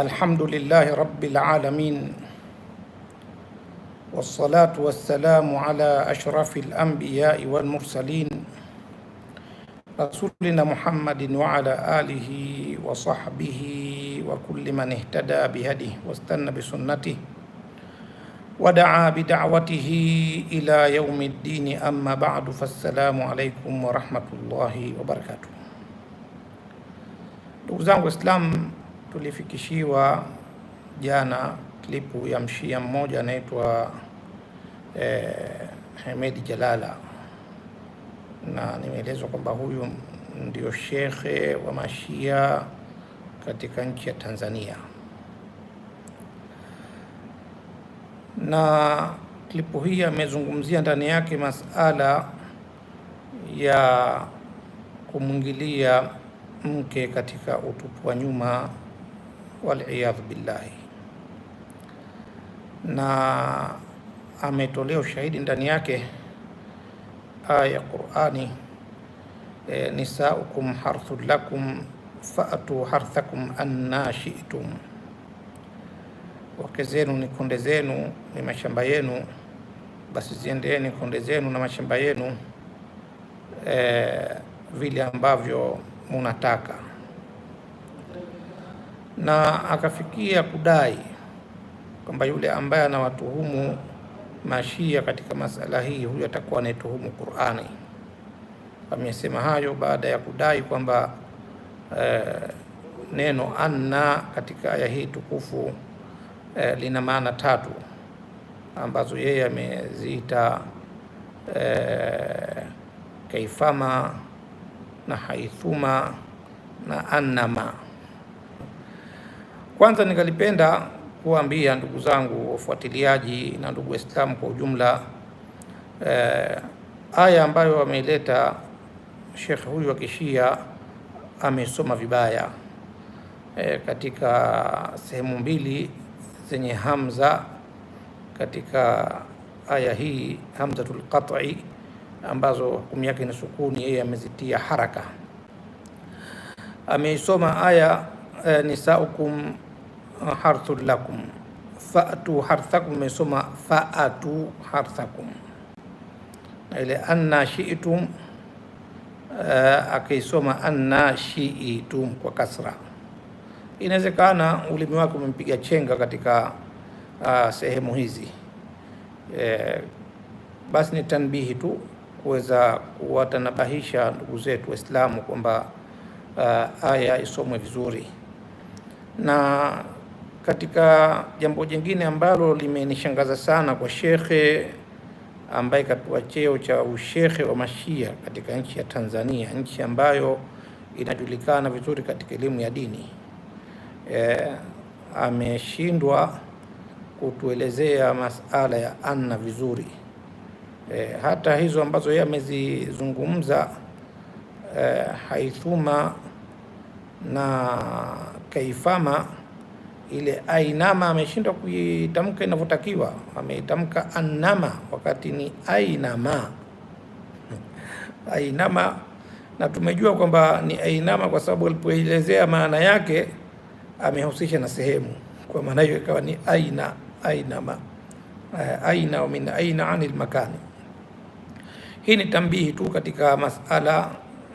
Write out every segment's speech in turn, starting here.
الحمد لله رب العالمين والصلاة والسلام على أشرف الأنبياء والمرسلين رسولنا محمد وعلى آله وصحبه وكل من اهتدى بهديه واستنى بسنته ودعا بدعوته إلى يوم الدين أما بعد فالسلام عليكم ورحمة الله وبركاته Ndugu zangu Waislamu, tulifikishiwa jana klipu ya mshia mmoja anaitwa eh, Hemedi Jalala, na nimeelezwa kwamba huyu ndio shekhe wa mashia katika nchi ya Tanzania, na klipu hii amezungumzia ndani yake masala ya kumwingilia mke katika utupu wa nyuma waliyadhu billahi, na ametolea ushahidi ndani yake aya ya Qur'ani, e, nisaukum harthun lakum faatu harthakum anna shi'tum, wake zenu ni konde zenu, ni mashamba yenu, basi ziendeeni konde zenu na mashamba yenu e, vile ambavyo munataka na akafikia kudai kwamba yule ambaye anawatuhumu mashia katika masala hii, huyo atakuwa anaituhumu Qur'ani. Amesema hayo baada ya kudai kwamba e, neno anna katika aya hii tukufu e, lina maana tatu ambazo yeye ameziita e, kaifama na haithuma na annama kwanza ningalipenda kuambia ndugu zangu wafuatiliaji na ndugu Waislamu kwa ujumla eh, aya ambayo ameileta shekhe huyu wa Kishia amesoma vibaya eh, katika sehemu mbili zenye hamza katika aya hii hamzatul qat'i ambazo hukumu yake ni sukuni, yeye amezitia haraka. Ameisoma aya eh, nisaukum harthun lakum fa'atu harthakum, mesoma fa'atu harthakum na ile anna shiitum uh, eh, akaisoma anna shi'itum kwa kasra. Inawezekana ulimi wake umempiga chenga katika uh, sehemu hizi eh, basi ni tanbihi tu kuweza kuwatanabahisha ndugu zetu Waislamu kwamba uh, aya isomwe vizuri na katika jambo jingine ambalo limenishangaza sana kwa shekhe ambaye kapewa cheo cha ushekhe wa mashia katika nchi ya Tanzania, nchi ambayo inajulikana vizuri katika elimu ya dini e, ameshindwa kutuelezea masala ya anna vizuri e, hata hizo ambazo yeye amezizungumza e, haithuma na kaifama ile ainama ameshindwa kuitamka inavyotakiwa, ameitamka annama wakati ni ainama ainama, na tumejua kwamba ni ainama kwa sababu alipoelezea maana yake amehusisha na sehemu, kwa maana hiyo ikawa ni aina ainama eh, aina min aina anil makani. Hii ni tambihi tu katika masala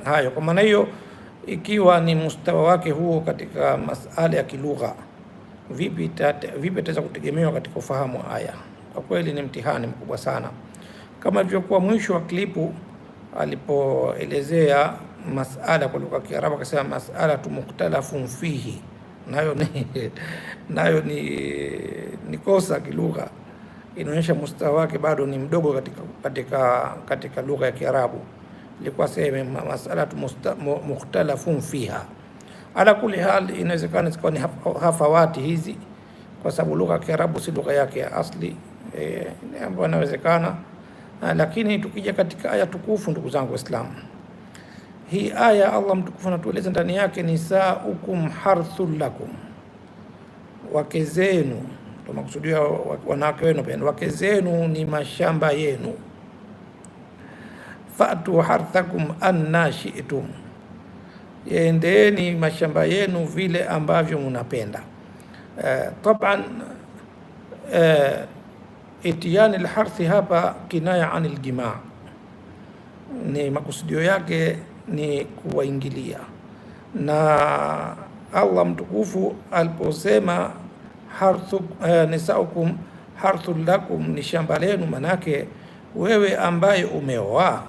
hayo. Kwa maana hiyo, ikiwa ni mustawa wake huo katika masala ya kilugha vipi ataweza kutegemewa katika ufahamu wa aya. Kwa kweli ni mtihani mkubwa sana, kama ilivyokuwa mwisho wa klipu alipoelezea masala kwa lugha ya Kiarabu akasema masalatu mukhtalafun fihi, nayo ni nayo ni, ni kosa kilugha, inaonyesha mustawa wake bado ni mdogo katika, katika, katika lugha ya Kiarabu. Ilikuwa sema masalatu mukhtalafun fiha Ala kuli hal, inawezekana zikawa ni hafawati hizi, kwa sababu lugha ya Kiarabu si lugha yake ya asli e, ambayo inawezekana. Ah, lakini tukija katika aya tukufu, ndugu zangu Waislamu, hii aya Allah mtukufu anatueleza ndani yake, nisaukum harthul lakum, wake zenu makusudia wanawake wenu, pia wake zenu ni mashamba yenu. Fatu harthakum anna shi'tum yaendeeni mashamba yenu vile ambavyo mnapenda. Uh, taban uh, eh, itiyani lharthi hapa kinaya ani ljima ni makusudio yake ni kuwaingilia na Allah mtukufu aliposema harthu eh, nisaukum harthun lakum, ni shamba lenu. Manake wewe ambaye umeoa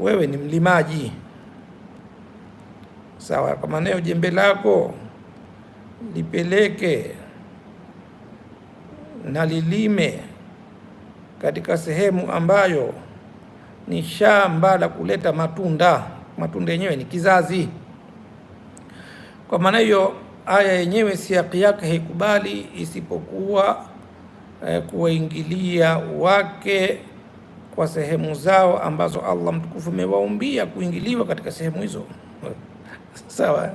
wewe ni mlimaji sawa. Kwa maana hiyo jembe lako lipeleke na lilime katika sehemu ambayo ni shamba la kuleta matunda. Matunda yenyewe ni kizazi. Kwa maana hiyo aya yenyewe siaki yake haikubali isipokuwa eh, kuwaingilia wake kwa sehemu zao ambazo Allah mtukufu amewaumbia kuingiliwa katika sehemu hizo. Sawa,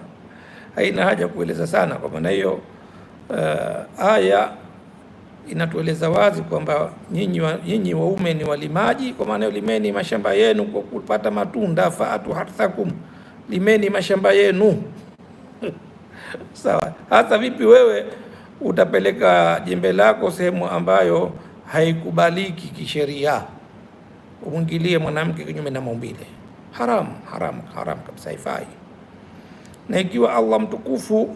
haina haja kueleza sana. Kwa maana hiyo, uh, aya inatueleza wazi kwamba nyinyi wa, nyinyi waume ni walimaji. Kwa maana limeni mashamba yenu kwa kupata matunda, faatu harthakum, limeni mashamba yenu sawa. Hata vipi wewe utapeleka jembe lako sehemu ambayo haikubaliki kisheria, umwingilie mwanamke kinyume na maumbile? Haram, haram, haram kabisa, haifai na ikiwa Allah mtukufu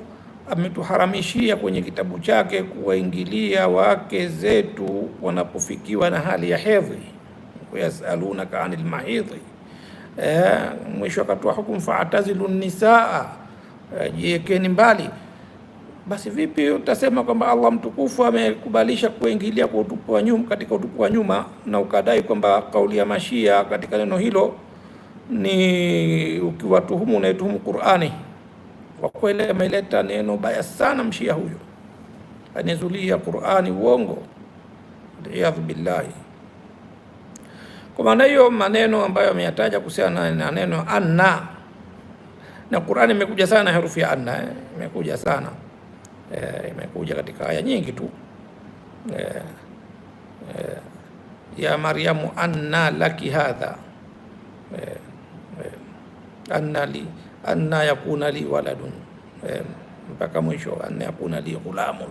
ametuharamishia kwenye kitabu chake kuwaingilia wake zetu wanapofikiwa na hali ya hedhi, wayasalunaka anil mahidhi eh, mwisho akatoa hukumu faatazilu nisaa, eh, jiekeni mbali. Basi vipi utasema kwamba Allah mtukufu amekubalisha kuingilia kwa utupu wa nyuma, katika utupu wa nyuma, na ukadai kwamba kauli ya Mashia katika neno hilo ni ukiwatuhumu, unaituhumu Qur'ani kwa kweli ameleta neno baya sana mshia huyo, anezulia Qur'ani uongo, waliyadhu billahi. Kwa maana hiyo maneno ambayo ameyataja kuhusiana na neno anna, na Qur'ani imekuja sana na herufi ya anna, eh, imekuja sana eh, imekuja katika aya nyingi tu eh, eh, ya Maryamu anna laki hadha eh, eh, anna li anna yakuna li waladun e, mpaka mwisho anna yakuna li ghulamun,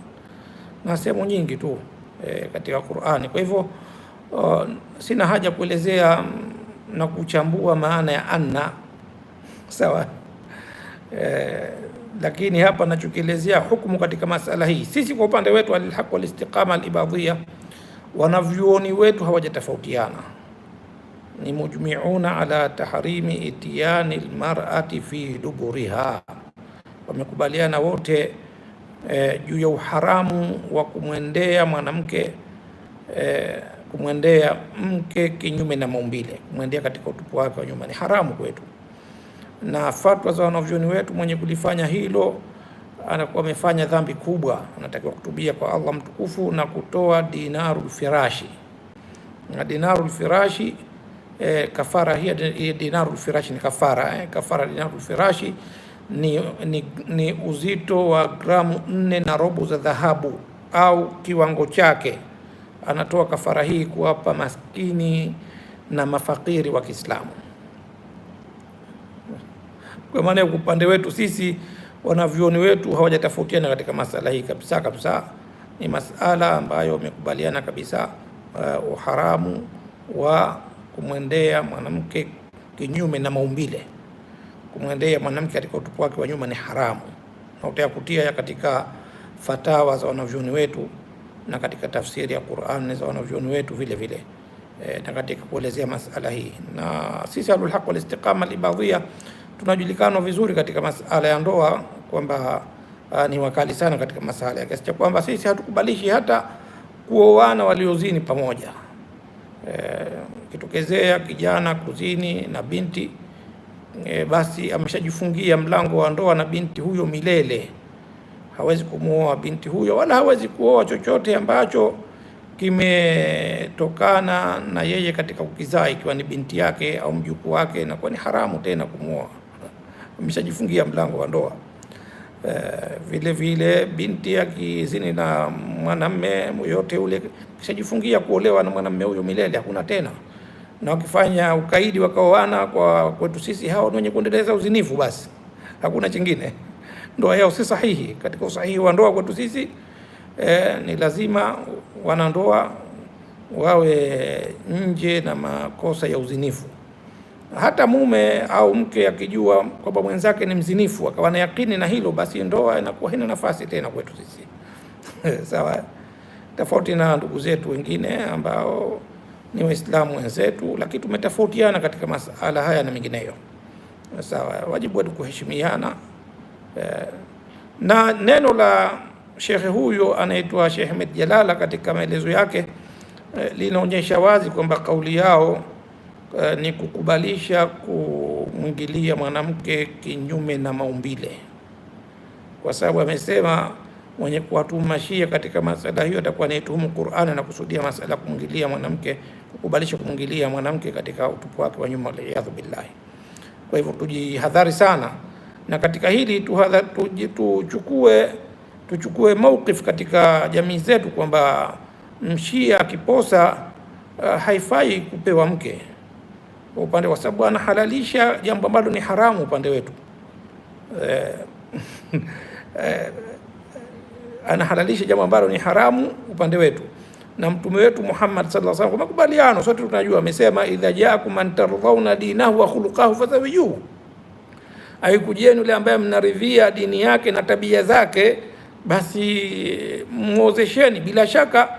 na sehemu nyingi tu e, katika Qur'ani. Kwa hivyo sina haja kuelezea na kuchambua maana ya anna sawa e, lakini hapa nachokielezea hukumu katika masala hii, sisi kwa upande wetu alilhaq walistiqama alibadhia, wanavyuoni wetu hawajatofautiana ni mujmiuna ala tahrimi itiyani lmarati fi duburiha, wamekubaliana wote e, juu ya uharamu wa kumwendea mwanamke e, kumwendea mke kinyume na maumbile, kumwendea katika utupu wake wa nyuma ni haramu kwetu, na fatwa za wanavyoni wetu, mwenye kulifanya hilo anakuwa amefanya dhambi kubwa, anatakiwa kutubia kwa Allah mtukufu na kutoa dinaru firashi na dinaru firashi eh, kafara hiya dinaru firashi ni kafara eh, kafara dinaru firashi ni, ni, ni uzito wa gramu nne na robo za dhahabu au kiwango chake. Anatoa kafara hii kuwapa maskini na mafakiri wa Kiislamu. Kwa maana upande wetu sisi wanavyuoni wetu hawajatofautiana katika masala hii kabisa kabisa. Ni masala ambayo wamekubaliana kabisa uh, uharamu wa kumwendea mwanamke kinyume na maumbile, kumwendea mwanamke katika utupu wake wa nyuma ni haramu, na utayakutia katika fatawa za wanavyoni wetu na katika tafsiri ya Qur'an za wanavyoni wetu vile vile e, na katika kuelezea masala hii. Na sisi Ahlul Haq wal Istiqama Libadhia tunajulikana vizuri katika masala ya ndoa kwamba ah, ni wakali sana katika masala ya kiasi cha kwamba sisi hatukubalishi hata kuoana waliozini pamoja e, ikitokezea kijana kuzini na binti e, basi ameshajifungia mlango wa ndoa na binti huyo milele. Hawezi kumwoa binti huyo wala hawezi kuoa chochote ambacho kimetokana na yeye katika kukizaa, ikiwa ni binti yake au mjukuu wake, kwa ni haramu tena kumwoa, ameshajifungia mlango wa ndoa. E, vile vile binti akizini na mwanamme yote ule kishajifungia kuolewa na mwanamme huyo milele, hakuna tena na wakifanya ukaidi wakaoana, kwa kwetu sisi hao ni wenye kuendeleza uzinifu, basi hakuna chingine. Ndoa yao si sahihi. Katika usahihi wa ndoa kwetu sisi eh, ni lazima wanandoa wawe nje na makosa ya uzinifu. Hata mume au mke akijua kwamba mwenzake ni mzinifu akawa na yakini na hilo, basi ndoa inakuwa haina nafasi tena kwetu sisi sawa, tofauti na ndugu zetu wengine ambao ni Waislamu wenzetu, lakini tumetofautiana katika masala haya na mengineyo. Sawa, wajibu wetu kuheshimiana. E, na neno la shekhe huyo anaitwa Sheikh Ahmed Jalala katika maelezo yake e, linaonyesha wazi kwamba kauli yao e, ni kukubalisha kumwingilia mwanamke kinyume na maumbile, kwa sababu amesema mwenye kuwatuhuma Shia katika masala hiyo atakuwa anaituhumu Qur'ani na kusudia masala kumwingilia mwanamke, kukubalisha kumwingilia mwanamke katika utupu wake wa nyuma, waliyadhu billahi. Kwa hivyo tujihadhari sana na katika hili tuhadha, tuchukue tuchukue mauqif katika jamii zetu kwamba mshia akiposa uh, haifai kupewa mke kwa upande, kwa sababu anahalalisha jambo ambalo ni haramu upande wetu eh, eh, anahalalisha jambo ambalo ni haramu upande wetu na mtume wetu Muhammad sallallahu alaihi wasallam makubaliano sote tunajua, amesema idha jaakum man tardhauna dinahu wa khuluquhu fazawijuhu, aikujieni yule ambaye mnaridhia dini yake na tabia zake, basi muozesheni. Bila shaka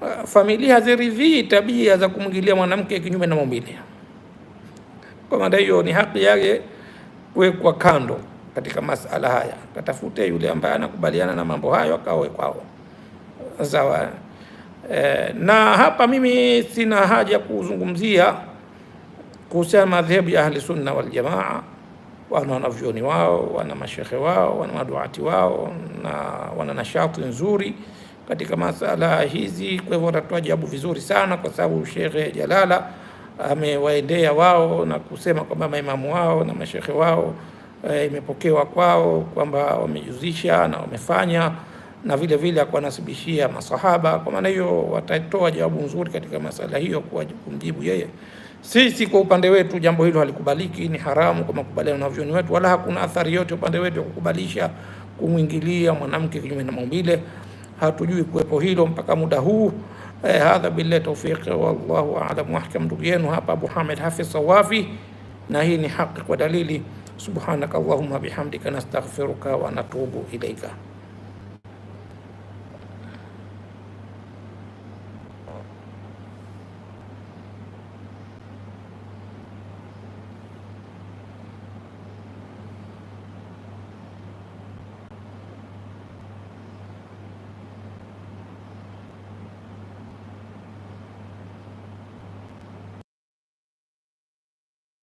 uh, familia haziridhii tabia za kumwingilia mwanamke kinyume na maumbile. Kwa maana hiyo ni haki yake kuwekwa kando katika masala haya, katafute yule ambaye anakubaliana na mambo hayo akaoe kwao. Sawa. E, na hapa mimi sina haja ya kuzungumzia kuhusiana madhehebu ya Ahli Sunna wal Jamaa. Wana wanavyoni wao, wana mashehe wao, wana maduati wao, na wana nashati nzuri katika masala hizi. Kwa hivyo watatoa jawabu vizuri sana, kwa sababu Shekhe Jalala amewaendea wao na kusema kwamba maimamu wao na mashekhe wao eh, imepokewa kwao kwamba wamejuzisha na wamefanya na vile vile akuwanasibishia masahaba. Kwa maana hiyo watatoa jawabu nzuri katika masala hiyo kwa kumjibu yeye. Sisi kwa upande wetu jambo hilo halikubaliki, ni haramu kwa makubaliano na vyoni wetu, wala hakuna athari yote upande wetu ya kukubalisha kumwingilia mwanamke kinyume na maumbile. Hatujui kuwepo hilo mpaka muda huu. Eh, hadha billahi tawfiqi, wallahu aalam. Wahkam ndugu yenu hapa Abu Hamid Hafiz Sawafi, na hii ni haki kwa dalili سبحانك اللهم بحمدك نستغفرك ونتوب إليك